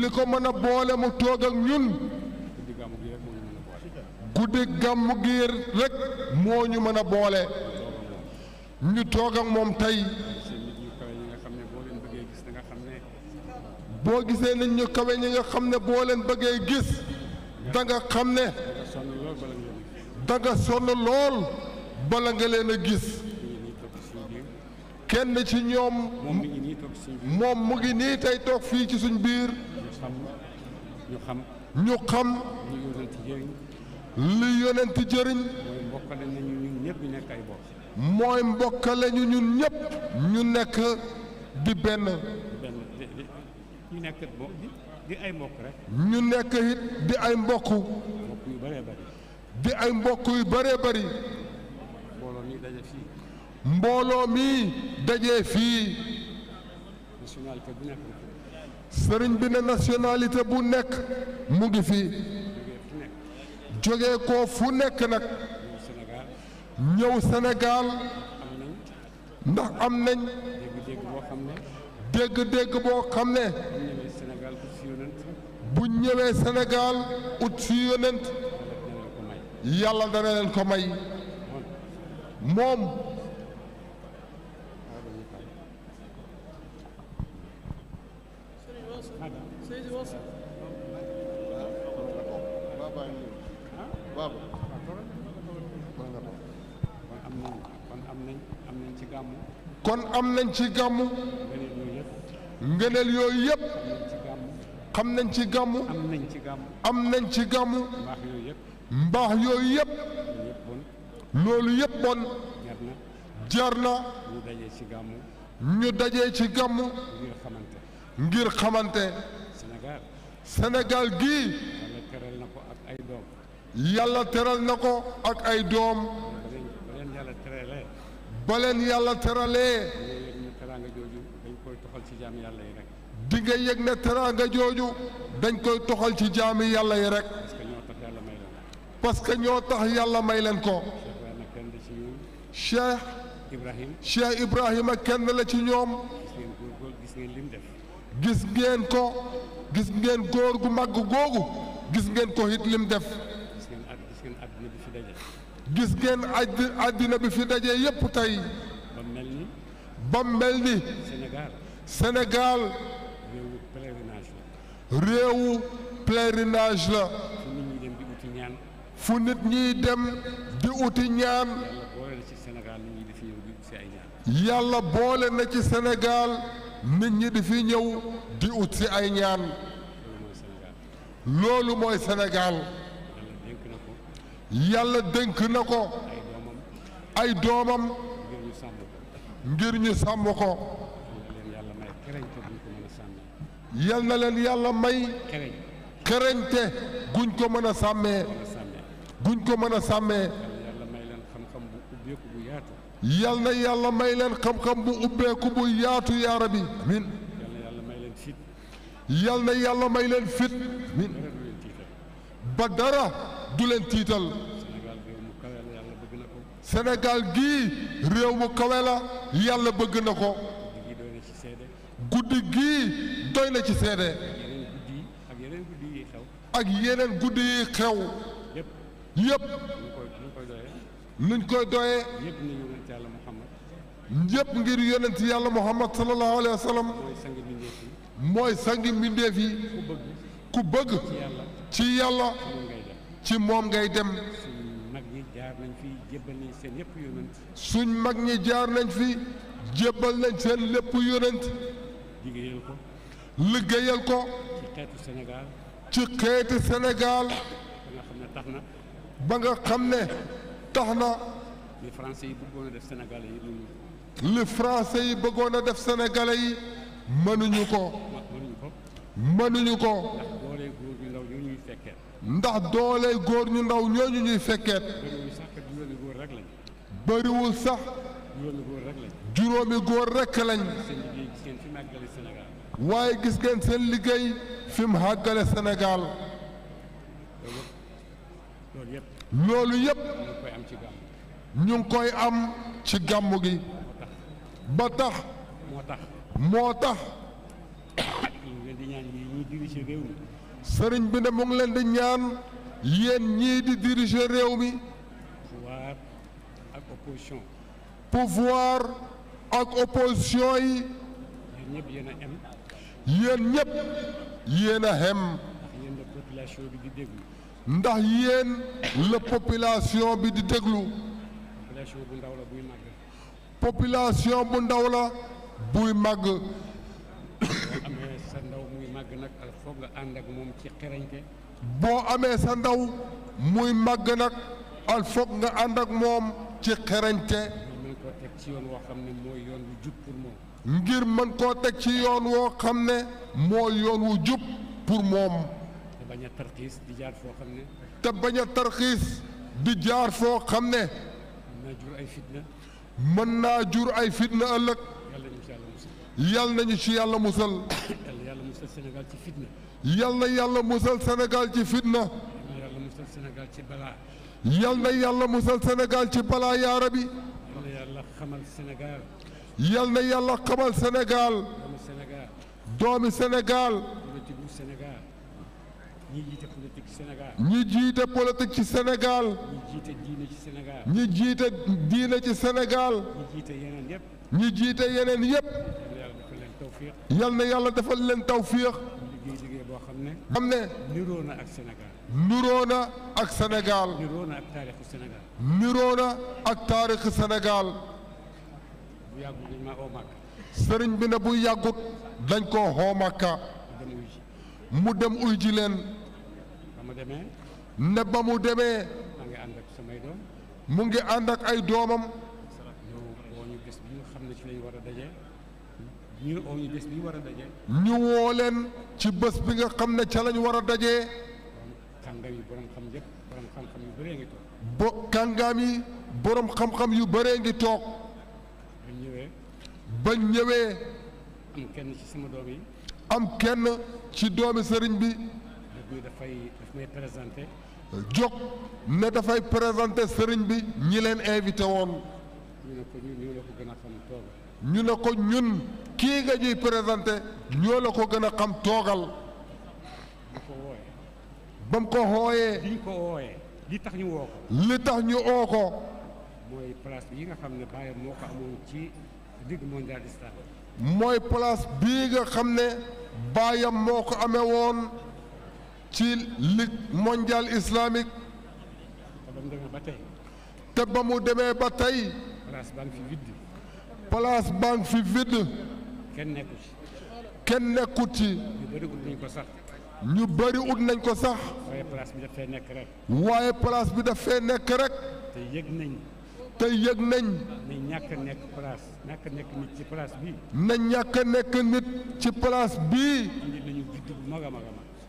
li ko mën a boole mu toog ak ñun guddi gàmmu gi rek moo ñu mën a boole ñu toog ak moom tey boo gisee nit ñu kawe ñi nga xam ne boo leen bëggee gis da xam ne da nga sonn lool bala nga leen a gis kenn ci ñoom moom mu ngi nii tey toog fii ci suñu biir ñu xam ñu xam li yonent jëriñ mooy mbokkale ñu ñun ñëpp ñu nekk di benn ñu nekk di ay mbokk ñu nekk it di ay mbokk. yu bëree bëri. di ay mbokk yu bëree bari mbooloo mi daje fii. mbooloo mi daje fii. nationalité sëriñ bi ne nationalité bu nekk mu ngi fi jógee ko fu nekk nag. ñëw Sénégal. ndax am nañ. dégg-dégg boo xam ne bu ñëwee Sénégal ut fi yonent yàlla dana leen ko may moom kon am nañ ci gàmmu ngëneel yooyu yëpp xam nañ ci gàmm am nañ ci gàmmu mbaax yooyu yëpp loolu yëpp bon jar na ñu dajee ci gàmmu ngir xamante Sénégal gii yàlla teral na ko ak ay doom ba leen yàlla teralee toxal ci yàlla yi rek. di nga yëg ne teraanga jooju dañ koy toxal ci jaami yàlla yi rek. parce que ñoo tax yàlla may leen ko. Cheikh. Ibrahim Cheikh Ibrahima kenn la ci ñoom. gis ngeen gis ngeen ko gis ngeen góor gu màgg googu gis ngeen ko it lim def. gis ngeen gis ngeen àddina bi fi daje. àddina bi fi daje yépp tey. ba mel ni. ba Sénégal réewu pèlerinage la. réewu pèlerinage fu nit ñi dem di ñaan. fu nit ñiy dem di uti ñaan. yàlla boole na ci senegaal nit ñi di fi ñëw di ut si ay ñaan. loolu mooy Sénégal. yàlla dénk na ko. ay doomam. ngir ñu sàmm ko. yal na leen yàlla may xereñte guñ ko mën a sàmmee guñ ko mën a sàmmee yal na yàlla may leen xam-xam bu ubbeeku bu yaatu yaara bi min yal na yàlla may leen fit min ba dara du leen tiital Sénégal gii réew mu kawe yàlla bëgg na ko guddi gii doy na ci seede ak yeneen guddi yi xew yëpp nuñ koy doyee ñëpp ngir yonent yàlla muhammad sallallahu alayhi wa sallam mooy sangi mbindeef yi ku bëgg ci yàlla ci moom ngay dem suñ mag ñi jaar nañ fi jébbal nañ seen lépp yonent liggéeyal ko. ci xeetu Sénégal. ci xeeti Sénégal. ba nga xam ne tax na. li français yi bëggoon def sénégalais yi mënuñu. yi bëggoon a def sénégalais yi mënuñu ko. mënuñu ko. ndax doole góor ñu ndaw ñooñu ñuy fekkeet. bëriwul sax. juróomi góor rek lañ. juróomi góor rek lañ. waaye gis ngeen seen liggéey fi mu xàggale Sénégal loolu yépp ñu ngi koy am ci gàmmu gi ba tax moo tax sëriñ bi ne mu ngi leen di ñaan yéen ñii di diriger réew mi pouvoir ak opposition yi ñëpp yéen a yéen ñëpp yéen a xem ndax yéen la population bi di déglu population bu ndaw la buy màgg boo amee sa ndaw muy màgg nag al foog nga ànd ak moom ci xerañte. nga mën koo teg ci yoon woo xam ne mooy yoon wu jub pour moom. ngir mën koo teg ci yoon woo xam ne moo yoon wu jub pour moom. te bañ tarxiis di jaar foo xam ne. te bañ di jaar foo xam ne. mën naa jur ay fitna. mën naa jur ay fitna ëllëg. yal nañu ci yàlla musal. yal na yàlla musal Sénégal ci fitna. yal na yàlla musal Sénégal ci fitna. yal na yàlla musal Sénégal ci balaa yaara bi. yal na yàlla yal na yàlla xamal Sénégal doomi Sénégal ñi jiite politique ci Sénégal. ñi jiite politique ci Sénégal. ñi jiite diine ci Sénégal. ñi jiite diine ci Sénégal. ñi jiite yeneen yëpp. ñi jiite yeneen yëpp. yal na yàlla defal leen tawfiix. liggéey liggéey boo xam ne. xam na ak Sénégal. niroo na ak Sénégal. niroo na ak taarixu Sénégal. niroo na ak sëriñ bi ne buy yàggut dañ ko xoo Makka mu dem uy ji leen ne ba mu demee mu ngi ànd ak ay doomam ñu woo ñu bés bi war a daje. ñu woo leen ci bés bi nga xam ne ca lañ war a daje. kàngaam bo kàngaam yi borom xam-xam yu bëree ngi toog. bañ ñëwee. am kenn ci yi. am kenn ci doomi sëriñ bi. jóg dafay daf may présenté. ne dafay présenté sëriñ bi ñi leen invité woon. ñu ne ko ñun gën a xam ñu ne ko ñun kii nga ñuy présenté ñoo la ko gën a xam toogal. ba mu ko wooyee. bi ñu ko wooyee li tax ñu woo tax ñu woo ko. mooy place bi nga xam ne bàyyam ci. ligue mondiale islam. mooy place bii nga xam ne baayam moo ko amee woon ci ligue mondiale islamique. te ba mu demee ba tey. te ba mu demee ba fi vide. place baa kenn nekkut ci. kenn nekkut ñu bëri ut nañ ko sax. ñu bëri ut nañ ko sax. waaye place bi daf nekk rek. waaye place bi daf fee nekk te yëg nañ. te yëg nañ. na ñàkk a nekk place ñàkk nekk nit ci place bii. na ñàkk nekk ci place bii.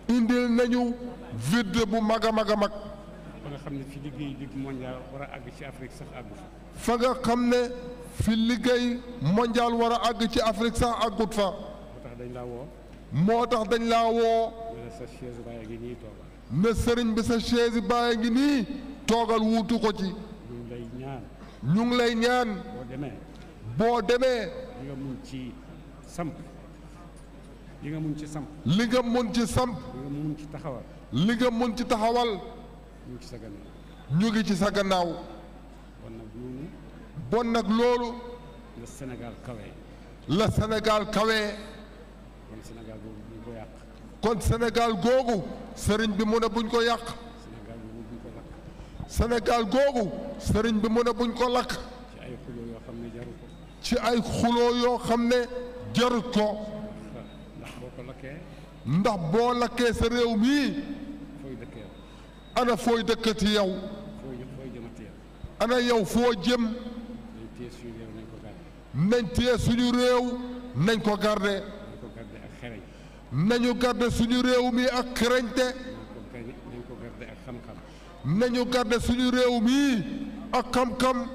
indil nañu vidde bu mag a mag a mag. fa nga xam ne fi liggéey ligue war a àgg ci Afrique sax àggu fa. fi liggéey mondial war a àgg ci Afrique sax àggut fa. moo tax dañ laa woo. moo tax dañ laa woo. sëriñ bi sa chaise bàyyi ngi nii toogal wuutu ko ci. ñu ngi lay ñaan. boo demee. boo demee. li nga mun ci samp. li nga mun ci samp. li nga ci samp. ci taxawal. li nga ci taxawal. ñu ngi ci sa gannaaw. ci sa gannaaw. bon nag loolu. bon nag loolu. la Sénégal kawe. la Sénégal kawe. kon Sénégal googu buñ ko sëriñ bi mu ne buñ ko yàq. senegal googu sëriñ bi mu ne buñ ko lakk. ci ay xuloo yoo xam ne jarut ko. ci ay xuloo yoo xam ne jarut ko. ndax boo ko lakkee. boo lakkee sa réew mii. ana fooy dëkkati yow. ana yow foo jëm. nañ téye suñu réew nañ ko garde nañu garde suñu réew mi ak xereñte nañu garde suñu réew mii ak xam-xam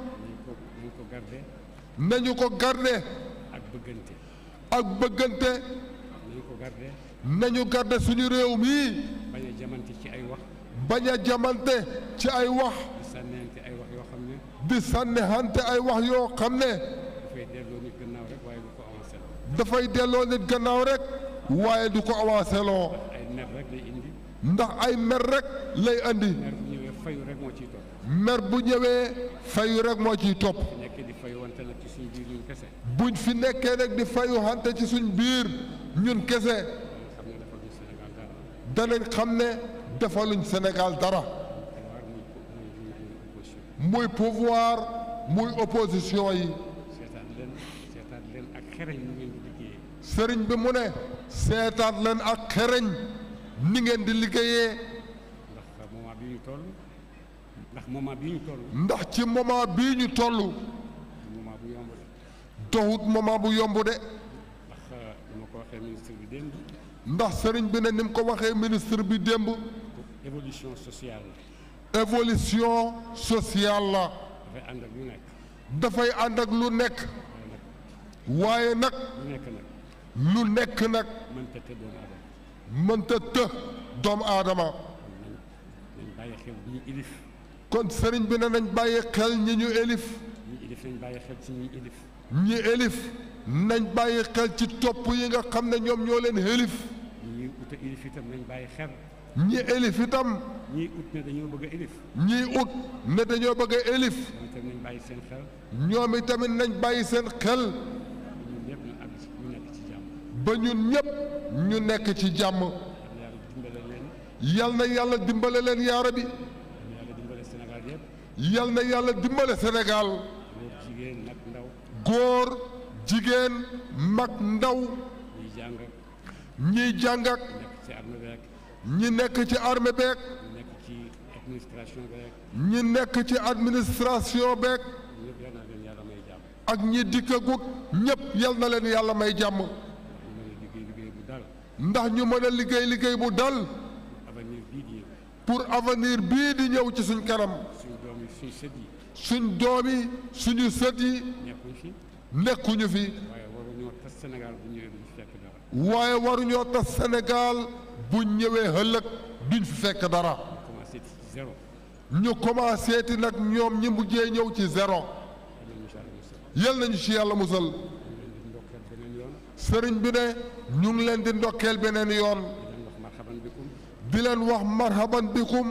nañu ko garde ak bëggante ak bëggante nañu garde suñu réew mii bañ a jamante ci ay wax bañ a jamante ci ay wax di sànnixante ay wax yoo xam ne dafay delloo nit gannaaw rek waaye du ko avancé loo ndax ay mer rek lay andi fayu rek moo ciy topp. mer bu ñëwee fayu rek moo ciy topp. buñ fi nekkee nag di fayu hante ci suñ biir ñun kese. danañ xam ne defaluñ Sénégal dara. muy pouvoir muy opposition yi. sëriñ bi ne. seetaat leen ak xereñ ni ngeen di liggéeyee. ndax moment bii ñu ndax ci moment bii ñu toll. moment bu doxut moment bu yomb de. ndax euh, ni ma ko waxee sëriñ bi ne ni mu ko waxee ministre bi démb. évolution sociale la. la. dafay ànd ak lu nekk. waaye nag. lu nekk nag. lu mënta të doomu aadama. mënta kon sëriñ bi na nañ bàyyi xel ñi ñu élif. ñi élif nañ bàyyi xel ci ñi ñi élif nañ bàyyi ci topp yi nga xam ne ñoom ñoo leen élif. ñi élif itam nañ bàyyi xel. ñi itam. ñii ut ne dañoo bëgg a élif. ñii dañoo bëgg a élif. ñoom itam nañ bàyyi seen itamit nañ bàyyi seen xel. ba ñun ñëpp ñu nekk ci jàmm. yal na yàlla dimbale leen yaara bi. yal na yàlla dimbale Sénégal góor jigéen mag ndaw ñiy jàng ak ñi nekk ci armée beek ñi nekk ci administration beek ak ñi dikkagut ñépp yal na leen yàlla may jàmm ndax ñu mën liggéey liggéey bu dal pour avenir bii di ñëw ci suñ kanam suñu sët yi. suñ doom yi suñu sët yi. nekkuñu fi. nekkuñu fi. waaye waruñoo tas Sénégal bu ñëwee duñ fi fekk dara. waaye waruñoo bu ñëwee ëllëg duñ fi fekk dara. commencé ci zéro. ñu commencé ti nag ñoom ñi mujjee ñëw ci zéro. yal nañu ci yàlla musal. sëriñ bi ne ñu ngi leen di ndokkeel beneen yoon. di leen wax marhaban bikum.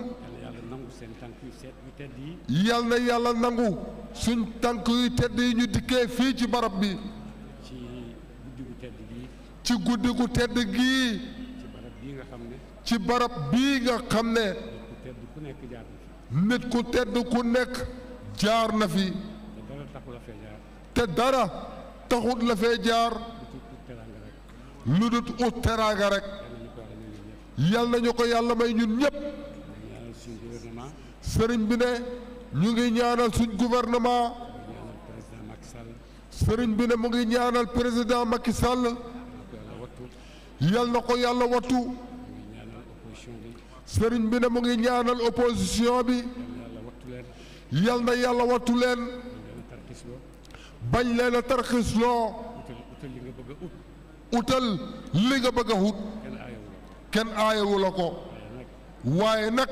yal na yàlla nangu suñ tànk yu tedd yi ñu dikkee fii ci barab bi ci guddi gu tedd gii ci barab bii nga xam ne nit ku tedd ku nekk jaar na fi te dara taxut la fee jaar lu dut ut teraanga rek yal na ñu ko yàlla may ñun ñépp sëriñ bi ne ñu ngi ñaanal suñ gouvernement sëriñ bi ne mu ngi ñaanal président Macky sàll yal na ko yàlla wattu sëriñ bi ne mu ngi ñaanal opposition bi yàlla wattu leen bañ leen a tarxisloo utal li nga bëgg a ut kenn aayawu la ko waaye nag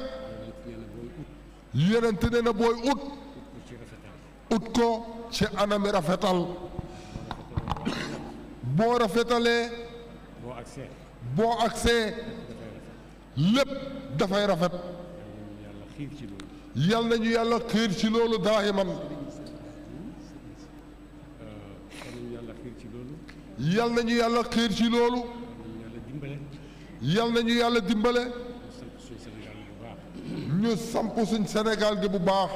yonent ne na booy ut ut ko ci anami rafetal boo rafetalee boo agsee lépp dafay rafet yal nañu yàlla xiir ci loolu daayiman yal nañu yàlla xiir ci loolu yal nañu yàlla dimbale ñu samp suñ Sénégal gi bu baax.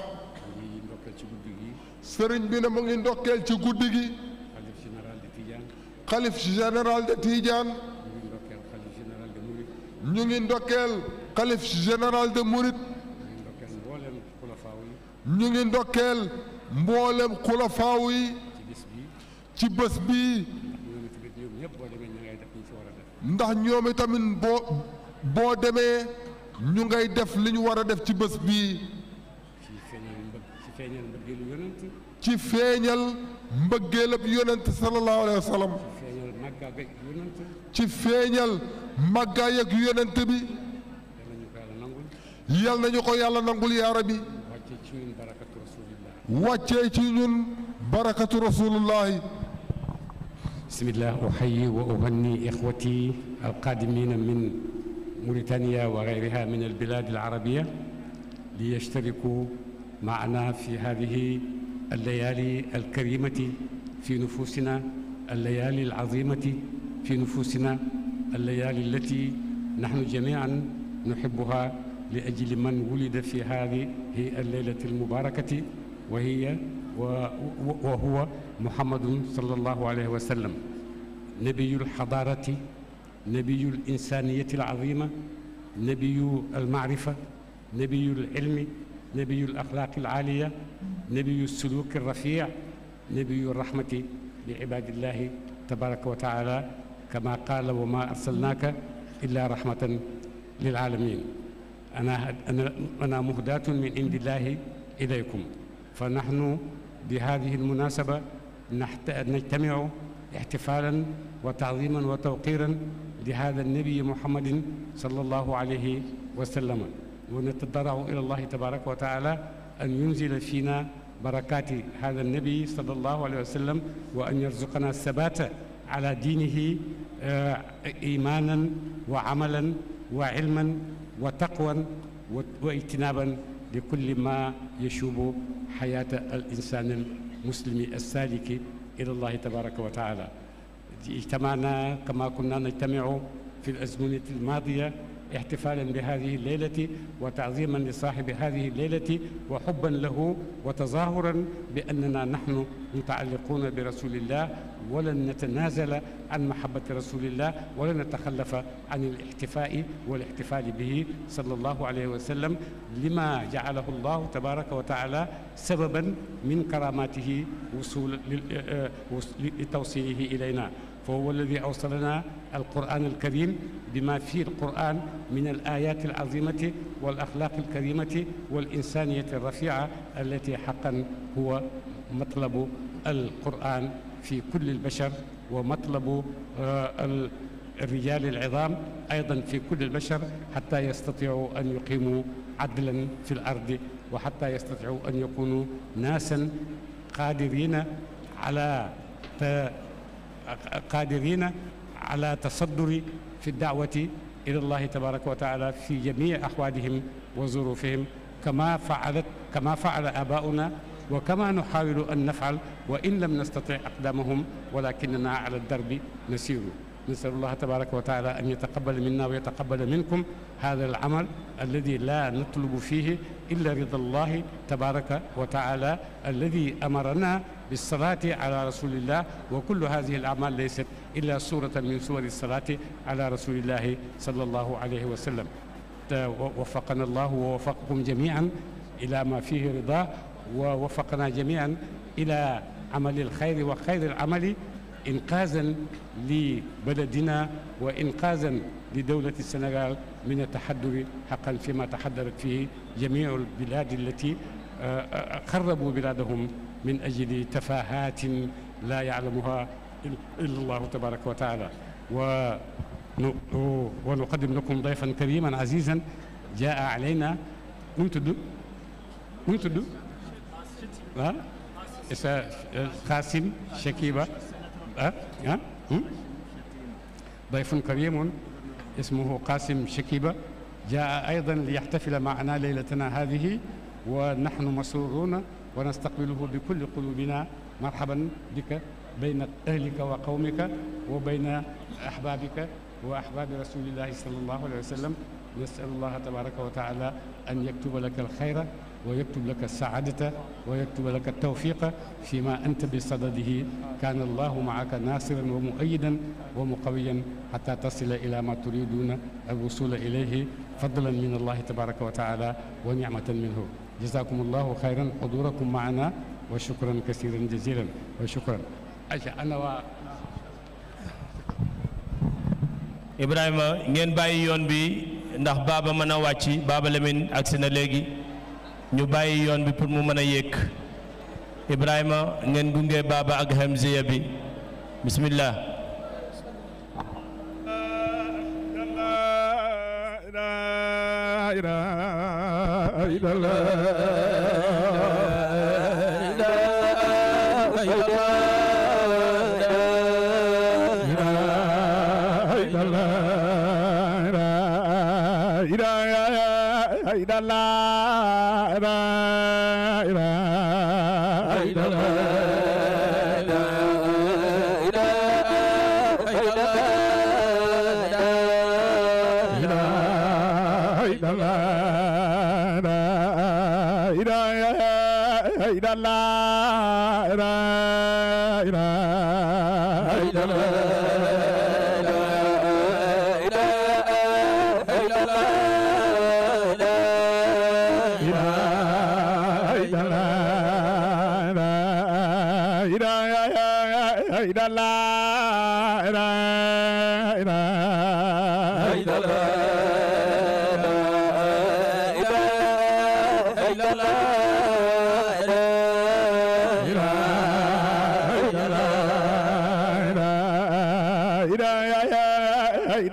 sëriñ bi ne mu ngi ndokkeel ci guddi gi. xalif général de Tidiane. xalif général de ñu ngi ndokkeel xalif général de Mouride. ñu ngi ndokkeel mboolem xulafaaw yi. ci bés bii. ndax ñoom itamit boo boo ñu ngay def li ñu war a def ci bés bii. ci feeñal mbëggeelab yonent sallallahu alayhi wa sallam. ci feeñal màggaay ak yonent bi. yal nañu ko yàlla nangul yaa rabbi. wàccee ci ñun barakatu rasulullahi. bismillah uxayi wa uhanni ixwati alqaadimina min موريتانيا وغيرها من البلاد العربية ليشتركوا معنا في هذه الليالي الكريمة في نفوسنا الليالي العظيمة في نفوسنا الليالي التي نحن جميعا نحبها لأجل من ولد في هذه الليلة المباركة وهي وهو محمد صلى الله عليه وسلم نبي الحضارة nabiyul insaniyati alazima nabiyu almaarifa nabiyul ilmi nabiyul axlaaqi alaaliya nabiyu suluki alrafii nabiyu rahmati li ibaadillahi tabaraka wa taala kama qaala wa ma arsalnaaka illa rahmatan lil aalamin ana ana muhdaatun min indillahi ilaykum fa nahnu bi haadihi almunasaba najtamiu ixtifaalan wa taadiman wa tawqiiran li hada nabii muhammadin sallallahu alayhi wa sallama wa natadarahu ila allahi tabaraka wa taala an yunzila fiina barakaati hada nabii sallallahu alayhi wa sallam wa an yarzuqana sabata ala diinihi eh, imaanan wa amalan wa ilman wa taqwan wa ijtinaaban li kulli ma yashubu xayaata al insaani al muslimi as saaliki ila allahi tabaraka wa taala اجتمعنا كما كنا نجتمع في الأزمنة الماضية احتفالا بهذه الليلة وتعظيما لصاحب هذه الليلة وحبا له وتظاهرا بأننا نحن متعلقون برسول الله ولن نتنازل عن محبة رسول الله ولن نتخلف عن الاحتفاء والاحتفال به صلى الله عليه وسلم لما جعله الله تبارك وتعالى سببا من كراماته وصول لتوصيله إلينا فهو الذي أوصلنا القرآن الكريم بما فيه القرآن من الآيات العظيمة والأخلاق الكريمة والإنسانية الرفيعة التي حقا هو مطلب القرآن في كل البشر ومطلب الرجال العظام أيضا في كل البشر حتى يستطيعوا أن يقيموا عدلا في الأرض وحتى يستطيعوا أن يكونوا ناسا قادرين على qadirina ala tasadduri fi daawati ila allahi tabaraka wa taala fi jamii axwaalihim wa zurufihim kama faalat kama faala abauna wa kama nuxaawilu an nafal wa in lam nastati aqdamahum walakinana ala darbi nasiru nasalu allaha tabaraka wa taala an yataqabala minna wa yataqabala minkum hada alamal alladi la natlubu fihi illa rida allahi tabaraka wa taala alladi amarana بالصلاة على رسول الله وكل هذه الأعمال ليست إلا صورة من صور الصلاة على رسول الله صلى الله عليه وسلم وفقنا الله ووفقكم جميعا إلى ما فيه رضا ووفقنا جميعا إلى عمل الخير وخير العمل إنقاذا لبلدنا وإنقاذا لدولة السنغال من التحدر حقا فيما تحدرت فيه جميع البلاد التي خربوا بلادهم min ajli tafahatin laa yaclamuha illa allahu tabaraka wa taala wa wa nuqaddim lakum dayfan kariman azizan jaa alayna nu mu tudd nu mu tudd ah sa xaasim shakiba ah ah hmm? dayfun karimun ismuhu qasim shakiba jaa aydan liyaxtafila maana leylatana hadihi wa naxnu masruruuna wa nastaqbiluhu bi kulli qulubina marhaban bika bayna ahlika wa qawmika wa bayna ahbabika wa ahbabi rasulillahi sallallahu alayhi wa sallam nasalu llaha tabaraka wa taala an yaktuba laka alxayra wa yaktub laka saadata wa yaktuba laka tawfiqa fi ma anta bi sadadihi kaana allahu maaka nasiran wa muayidan wa muqawiyan xata tasila ila ma turiduna alwusula ilayhi fadlan min allahi tabaraka wa taala wa nicmatan minhu جزاكم الله خيرا حضوركم معنا وشكرا كثيرا جزيلا وشكرا aca ana waa Ibrahima ngeen bàyyi yoon bi ndax baaba mën a wàcc baaba Lamine agsi na léegi ñu bàyyi yoon bi pour mu mën a yéeg Ibrahima ngeen gunge baaba ak Hamziya bi bismillah إله إلا الله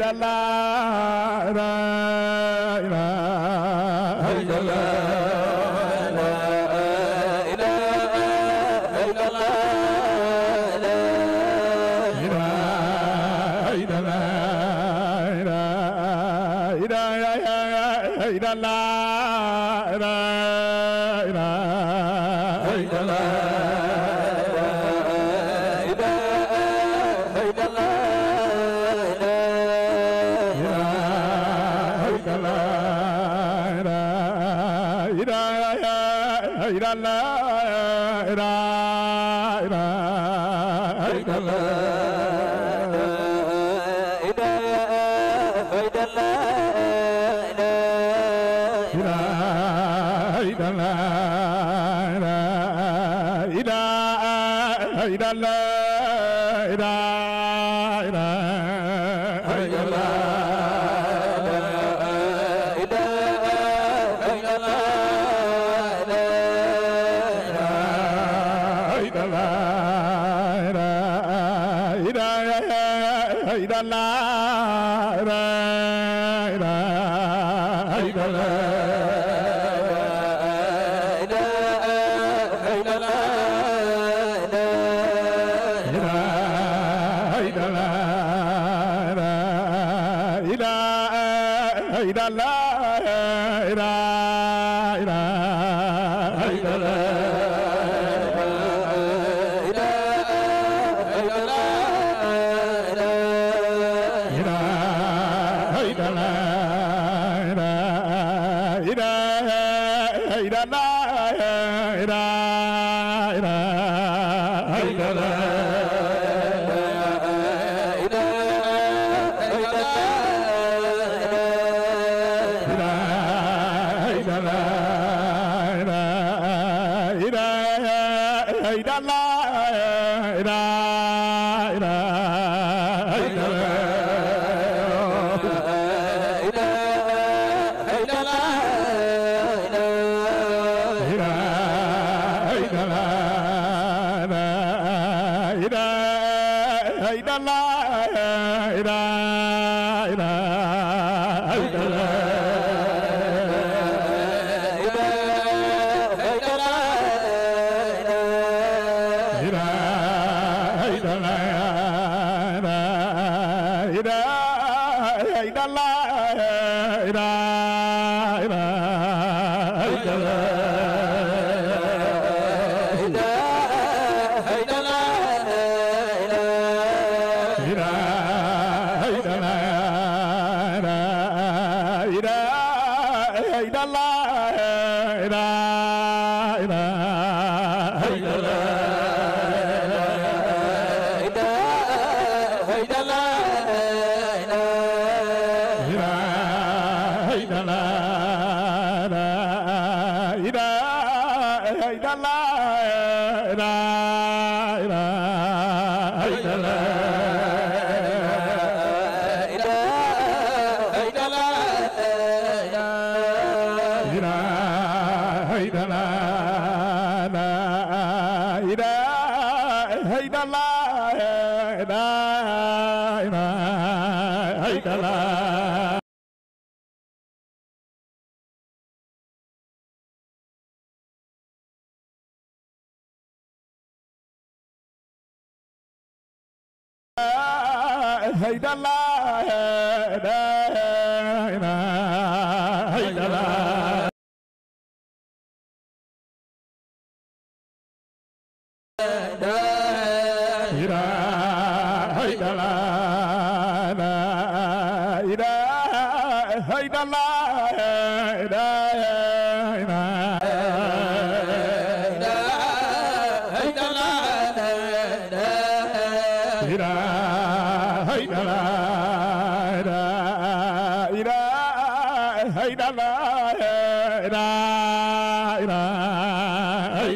illallah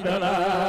سيدنا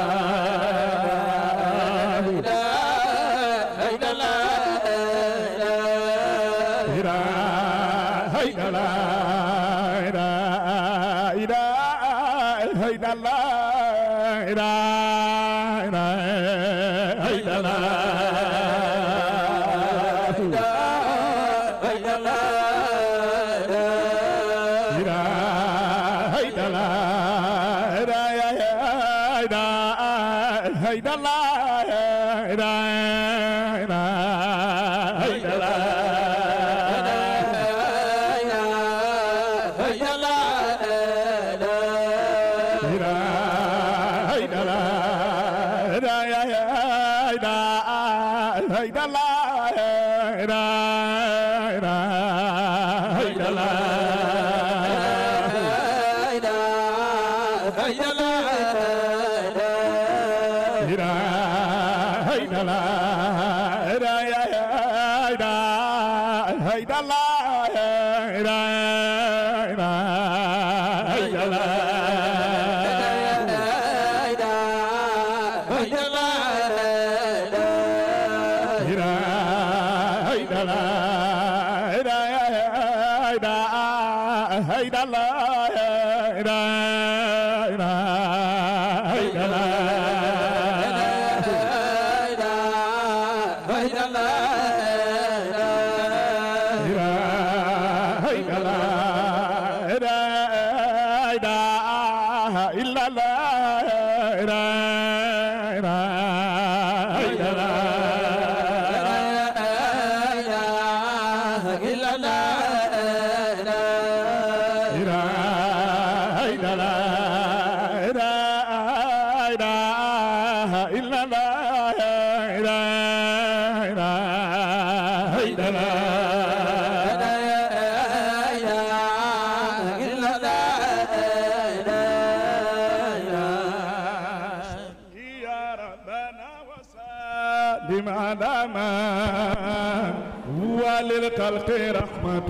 وللخلق رحمة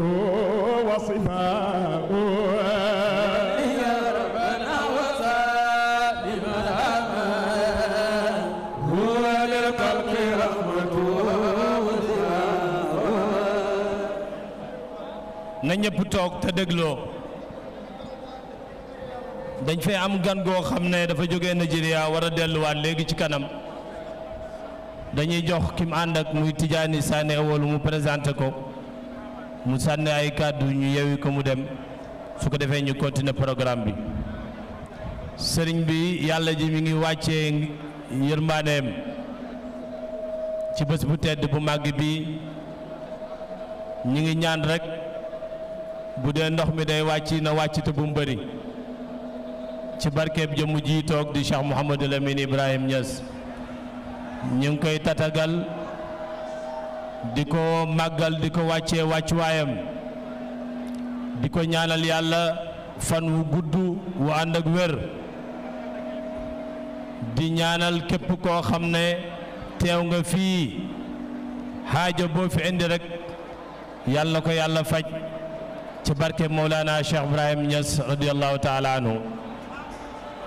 وصفاء يا ربنا وسلم هو للخلق رحمة وصفاء na ñëpp toog te dégloo dañ fay am gan goo xam ne dafa jógee Nigeria war a delluwaat léegi ci kanam dañuy jox ki mu ànd ak muy Tidjani Sané Ewolu mu présenté ko mu sànni ay kàddu ñu yewi ko mu dem fu ko defee ñu continuer programme bi sëriñ bi yàlla ji mi ngi wàccee yërmaaneem ci bés bu tedd bu màgg bi ñi ngi ñaan rek bu dee ndox mi day wàcc na wàcc te bu mu ci barkeeb jëmm ji toog di Cheikh Mouhamadou Lamine Ibrahim Niass ñu ngi koy tatagal di ko màggal di ko wàcce wàccuwaayam di ko ñaanal yàlla fan wu gudd wu ànd ak wér di ñaanal képp koo xam ne teew nga fii xaaja boo fi indi rek yàlla ko yàlla faj ci barke Mawlana Cheikh Ibrahim Niass radiyallahu taala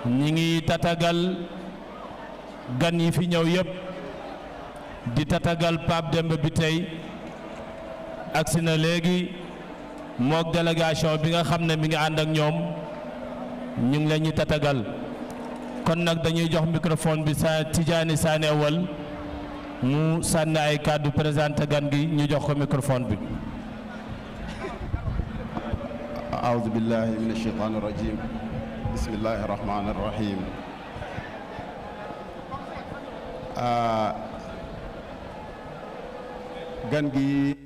ñi ngi tatagal gan yi fi ñëw yëpp di tatagal Pape Demba bi tey agsi na léegi mook délégation bi nga xam ne mi ngi ànd ak ñoom ñu ngi leen ñu tatagal kon nag dañuy jox microphone bi sa Tidiane Sané Awal mu sànni ay kàddu présenté gan gi ñu jox ko microphone bi aoudu billahi min alsheytan irrajim bismillahi irrahmani irrahim Ah, gan gi